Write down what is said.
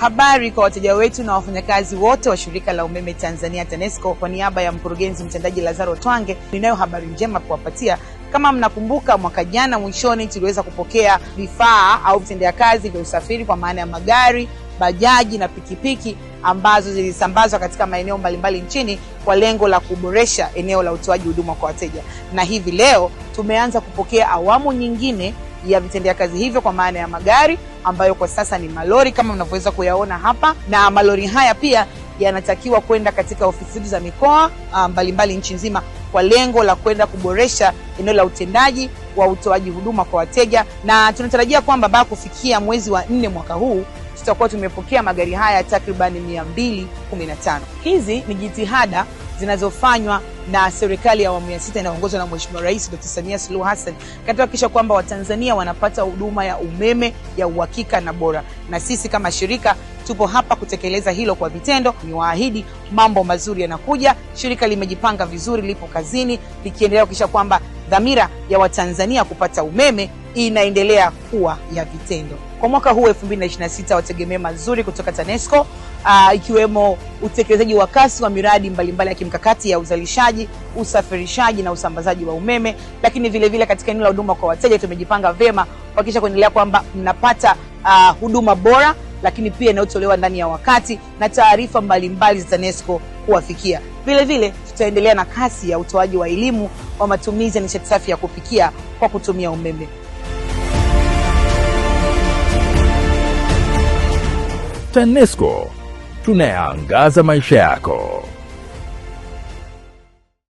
Habari kwa wateja wetu na wafanyakazi wote wa shirika la umeme Tanzania TANESCO. Kwa niaba ya mkurugenzi mtendaji Lazaro Twange, ninayo habari njema kuwapatia. Kama mnakumbuka, mwaka jana mwishoni tuliweza kupokea vifaa au vitendea kazi vya usafiri kwa maana ya magari, bajaji na pikipiki ambazo zilisambazwa katika maeneo mbalimbali nchini kwa lengo la kuboresha eneo la utoaji huduma kwa wateja, na hivi leo tumeanza kupokea awamu nyingine ya vitendea kazi hivyo, kwa maana ya magari ambayo kwa sasa ni malori kama mnavyoweza kuyaona hapa, na malori haya pia yanatakiwa kwenda katika ofisi zetu za mikoa ah, mbalimbali nchi nzima kwa lengo la kwenda kuboresha eneo la utendaji wa utoaji huduma kwa wateja, na tunatarajia kwamba baada kufikia mwezi wa nne mwaka huu tutakuwa tumepokea magari haya takribani 215. Hizi ni jitihada zinazofanywa na serikali ya awamu ya sita inayoongozwa na Mheshimiwa Rais Dr. Samia Suluhu Hassan katika kuhakikisha kwamba Watanzania wanapata huduma ya umeme ya uhakika na bora, na sisi kama shirika tupo hapa kutekeleza hilo kwa vitendo. Ni waahidi mambo mazuri yanakuja. Shirika limejipanga vizuri, lipo kazini likiendelea kuhakikisha kwamba dhamira ya Watanzania kupata umeme inaendelea kuwa ya vitendo. Kwa mwaka huu 2026 wategemea mazuri kutoka TANESCO uh, ikiwemo utekelezaji wa kasi wa miradi mbalimbali mbali ya kimkakati ya uzalishaji, usafirishaji na usambazaji wa umeme, lakini vilevile vile katika eneo la huduma kwa wateja tumejipanga vyema kuhakikisha kuendelea kwamba mnapata uh, huduma bora lakini pia inayotolewa ndani ya wakati na taarifa mbalimbali za TANESCO kuwafikia. Vile vile tutaendelea na kasi ya utoaji wa elimu wa matumizi ya nishati safi ya kupikia kwa kutumia umeme. TANESCO tunayaangaza maisha yako.